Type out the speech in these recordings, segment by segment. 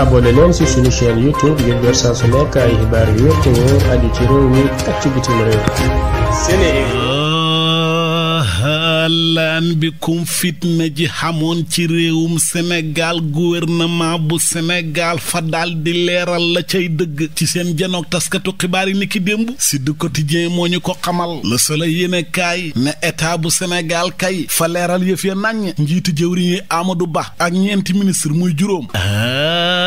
abonné leen ci yu wér te lan bi kum fitna ji xamoon ci réewum Sénégal gouvernement bu Sénégal fa daal di leeral la cay dëgg ci seen janoog taskatu xibaar yi ni ki démb si du quotidien moo ñu ko xamal Le Soleil yéene ne état bu Sénégal kay fa leeral yëf ya naññ njiitu jëwriñ yi Amadou Ba ak ñeenti ministre muy juróom ah.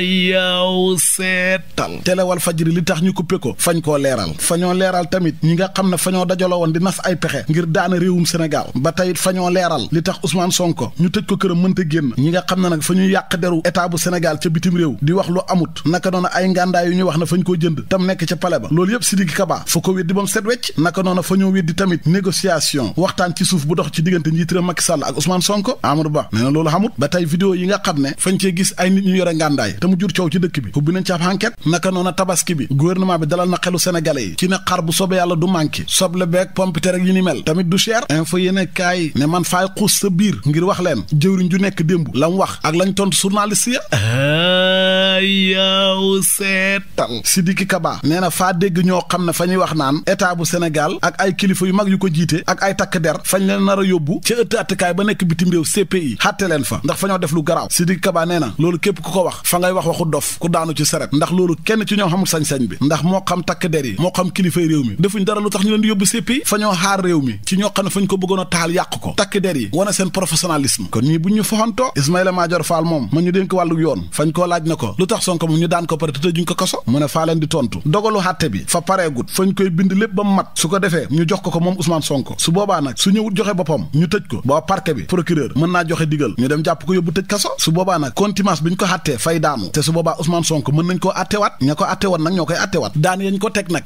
yaaw seetal télé Walf Fadjri li tax ñu coupé ko fañ koo leeral fañoo leeral tamit ñi nga xam ne fañoo dajalo woon di nas ay pexe ngir daana réewum Sénégal ba tey fañoo leeral li tax sonk Sonko ñu tëj ko këram mënta génn ñi nga xam ne nag fa ñuy yàq deru état bu Sénégal ca bitim réew di wax lu amut naka noonu ay ngàndaay yu ñuy wax ne fañ koo jënd tam nekk ca pale ba loolu yëpp Sidiki Kaba fa ko weddi ba mu set wecc naka noonu fa ñoo weddi tamit négociation waxtaan ci suuf bu dox ci diggante njiitéram Macky Sall ak Ousmane Sonko Amadou Ba nee na ba tey vidéo yi nga xam ne fañ cee gis ay nit ñu yore ngàndaay mu jur coow ci dëkk bi ubbi nañ ci ab enquête naka noona tabaski bi gouvernement bi dalal na xelu sénégalais yi ci ne xar bu sobe yàlla du manqué soble beeg pompiter ak yi ni mel tamit du cher info yéene kaay ne man faay xuus sa biir ngir wax leen jëwriñ ju nekk démb la mu wax ak lañ tontu journaliste ya ah. yaaw seetal Sidiki Kaba nee na faa dégg ñoo xam ne fa ñuy wax naan état bu Sénégal ak ay kilifa yu mag yu ko jiite ak ay takk der fañ leen nar a yóbbu ca ëtt attikaay ba nekk bitim réew CPI xàtte leen fa ndax fa ñoo def lu garaaw Sidiki Kaba nee na loolu képp ku ko wax fa ngay wax waxu dof ku daanu ci seret ndax loolu kenn ci ñoo xamul sañ-sañ bi ndax moo xam takk der yi moo xam kilifay réew mi defuñ dara lu tax ñu leen di yóbbu CPI fa ñoo xaar réew mi ci ñoo xam ne ko bëggoon taal yàq ko takk der yi wane seen professionnalisme kon ñii buñ ñu foxantoo Ismaïla Madior Fall moom ma ñu dénk wàllu yoon fañ koo laaj na ko tax Sonko moom ñu daan ko pare te tëjuñ ko kaso mu ne faa di tontu dogalu xàtte bi fa pareegut fañ koy bind lépp ba mu mat su ko defee ñu jox ko ko moom Ousmane Sonko su boobaa nag su ñëwut joxe boppam ñu tëj ko boo parquet bi procureur mën naa joxe digal ñu dem jàpp ko yóbbu tëj kaso su boobaa nag contumace bi ñu ko xàttee fay daanu te su boobaa Ousmane Sonko mën nañ koo àttewaat ña ko àttewoon nag ñoo koy àttewaat daan yañ ko teg na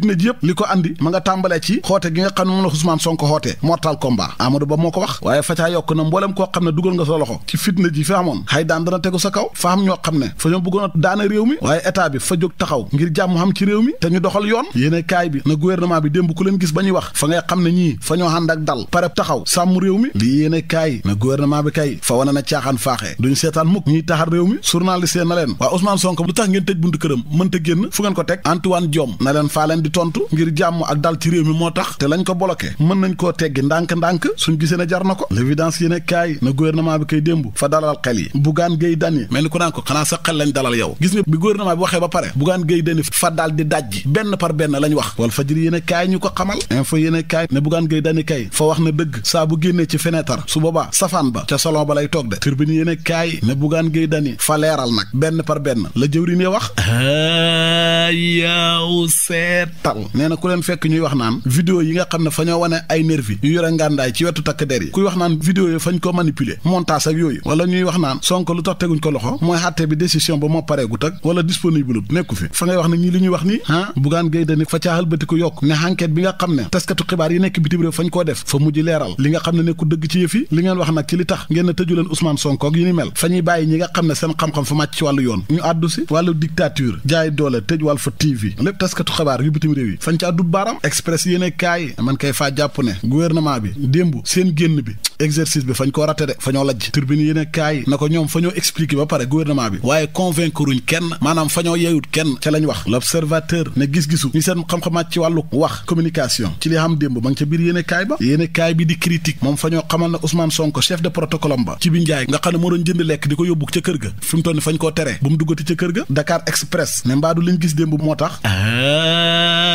fitna ji yëpp li ko andi ma nga tàmbalee ci xoote gi nga xam ne moom la Ousmane Sonko xootee mortal combat Amadou Ba moo ko wax waaye fa yokk na mboolem koo xam ne dugal nga sa loxo ci fitna ji fi amoon xay daan dana tegu sa kaw fa am ñoo xam ne fa ñoo bëggoon a daana réew mi waaye état bi fa jóg taxaw ngir jàmm xam ci réew mi te ñu doxal yoon yéene kaay bi na gouvernement bi démb ku leen gis ba wax fa ngay xam ne ñii fa ñoo ànd ak dal pare taxaw sàmm réew di tontu ngir jàmm ak dal ci réew mi moo tax te lañ ko bloqué mën nañ koo teggi ndànk-ndànk suñu gisee na jar na ko l'évidence yéen kaay na gouvernement bi koy démb fa dalal xel yi Bougane Gueye Dany mel ni ku naa ko xanaa sa xel lañ dalal yow gis nga bi gouvernement bi waxee ba pare Bougane Gueye Dany fa daal di dajji benn par benn lañ wax wala fajir yéen kaay ñu ko xamal info yéen kaay ne Bougane Gueye Dany kay fa wax na dëgg saa bu génnee ci fenêtre su boobaa safaan ba ca salon ba lay toog de turbine yéen kaay ne Bougane Gueye Dany fa leeral nag benn par benn la jëwriñ wax ah, yaa seet tal nee na ku leen fekk ñuy wax naan vidéo yi nga xam ne fa ñoo wane ay nervi yu yore ngàndaay ci wetu takk der yi kuy wax naan vidéo yi fañ ko manipuler montage ak yooyu wala ñuy wax naan Sonko lu tax teguñ ko loxo mooy xàtte bi décision ba moo pareegut ak wala disponible nekku fi fa ngay wax ne ñii li ñuy wax ni ah Bougane Gueye Dany fa caaxal bëti ko yokk ne enquête bi nga xam ne taskatu xibaar yi nekk bitim réew fañ koo def fa mujj leeral li nga ne nekku dëgg ci yëf li ngeen wax nag ci li tax ngeen tëju leen Ousmane Sonko ak fa ñuy bàyyi ñi nga ne seen xam-xam fa màcc ci wàllu yoon ñu àddu si wàllu dictature jaay doole tëj wàll fa TV lépp taskatu bitim réew yi du baaram express yéene kaay man kay faa jàpp ne gouvernement bi démb séen génn bi exercice bi fañ ko raté de fa ñoo lajj turbine yéen a kaay na ko ñoom fa ñoo expliqué ba pare gouvernement bi waaye convaincre kenn maanaam fa yeyut kenn ca lañ wax l'observateur ne gis-gisu ñu seen xam ci wàllu wax communication ci li xam démb ma ngi ca biir yéen kaay ba yéen kaay bi di critique moom fa ñoo xamal na Ousmane Sonko chef de protocole am ba ci bi njaay nga xam ne moo doon jënd lekk di ko yóbbu ca kër ga fi mu fañ koo tere bu mu duggati ca kër ne mbaadu liñ gis démb moo tax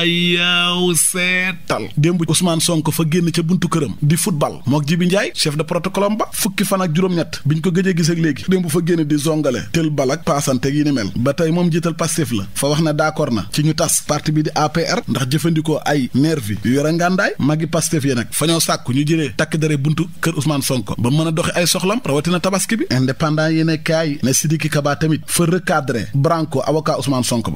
yaw seetal démb Ousmane fa génn ca buntu këram di football mook Jibi Njaay chef de protocole ba fukki fan ak juróom-ñett biñ ko gëjee gis ak léegi démb fa génn di zongale tël balak paasante yi ni mel ba tey moom jiital Pastef la fa wax ne d'accord na ci ñu tas parti bi di APR ndax jëfandikoo ay nervi yu yore ngàndaay magi Pastef yi fa ñoo sàkku ñu jëlee takk dare buntu kër Ousmane Sonko ba mën a doxi ay soxlam rawatina tabaski bi indépendant yi ne kaay ne Sidiki Kaba tamit fa recadré Branco avocat Ousmane Sonko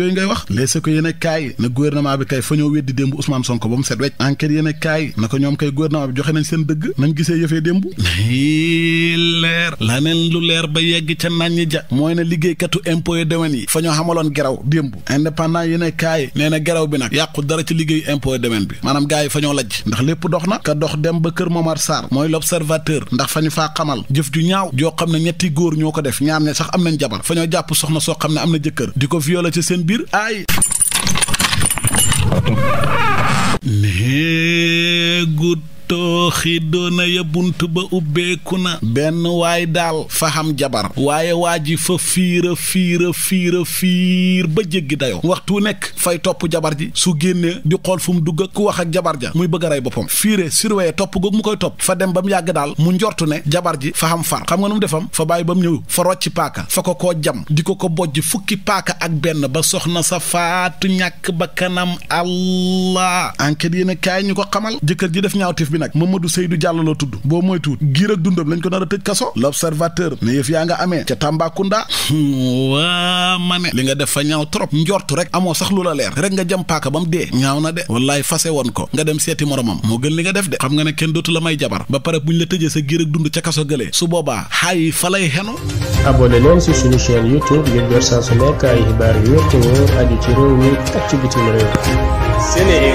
yooyu na gouvernement bi kay fa ñoo weddi démb Ousmane Sonko ba mu set wecc ñoom kay gouvernement bi joxe nañ seen dëgg nañ gisee yëfee démb leer laneen lu leer ba yegg ca naññi ja mooy na liggéeykatu impo yi demen yi fa ñoo xamaloon geraw démb indépendant yi ne kaay nee na geraw bi nag yàqu dara ci liggéey impôt demen bi maanaam gars yi fa ñoo lajj ndax lépp dox na ka dox dem ba kër Momar Sarr mooy l'observateur ndax fa ñu faa xamal jëf ju ñaaw joo xam ne ñetti góor ñoo ko def ñaar ne sax am nañ jabar fa ñoo jàpp soxna soo xam ne am na jëkkër di ko violer seen biir aay good xiidoona ya bunt ba ubbeeku na benn waay daal fa xam jabar waaye waa ji fa fiira fiira fiira fiir ba jéggi dayoo waxtu wu nekk fay topp jabar ji su génnee di xool fu mu dugg ku wax ak jabar ja muy bëgg rey boppam fiire surveiller topp googu mu koy topp fa dem ba mu yàgg daal mu njortu ne jabar ji fa xam far xam nga nu mu defam fa bàyyi ba mu ñëw fa rocci paaka fa ko koo jam di ko ko bojj fukki paaka ak benn ba soxna sa faatu ñàkk ba kanam allah enquête yéen ko xamal jëkkër ji def ñaawtif Amadou Seydou Diallo la tudd boo moytu giir ak dundam lañ ko nar a tëj kaso l'observateur ne yëf yaa nga amee ca Tambacounda waa ma ne li nga def fa ñaaw trop njort rek amoo sax lu la leer rek nga jam paaka ba mu dee ñaaw na de wallaay fase woon ko nga dem seeti moromam moo gën li nga def de xam nga ne kenn dootu la may jabar ba pare bu buñ la tëjee sa giir dund ca kaso gëlee su boobaa xaayi fa lay xenu abonné leen ci suñu chaîne youtube ngir jot saa su yu wér te wóor aju ci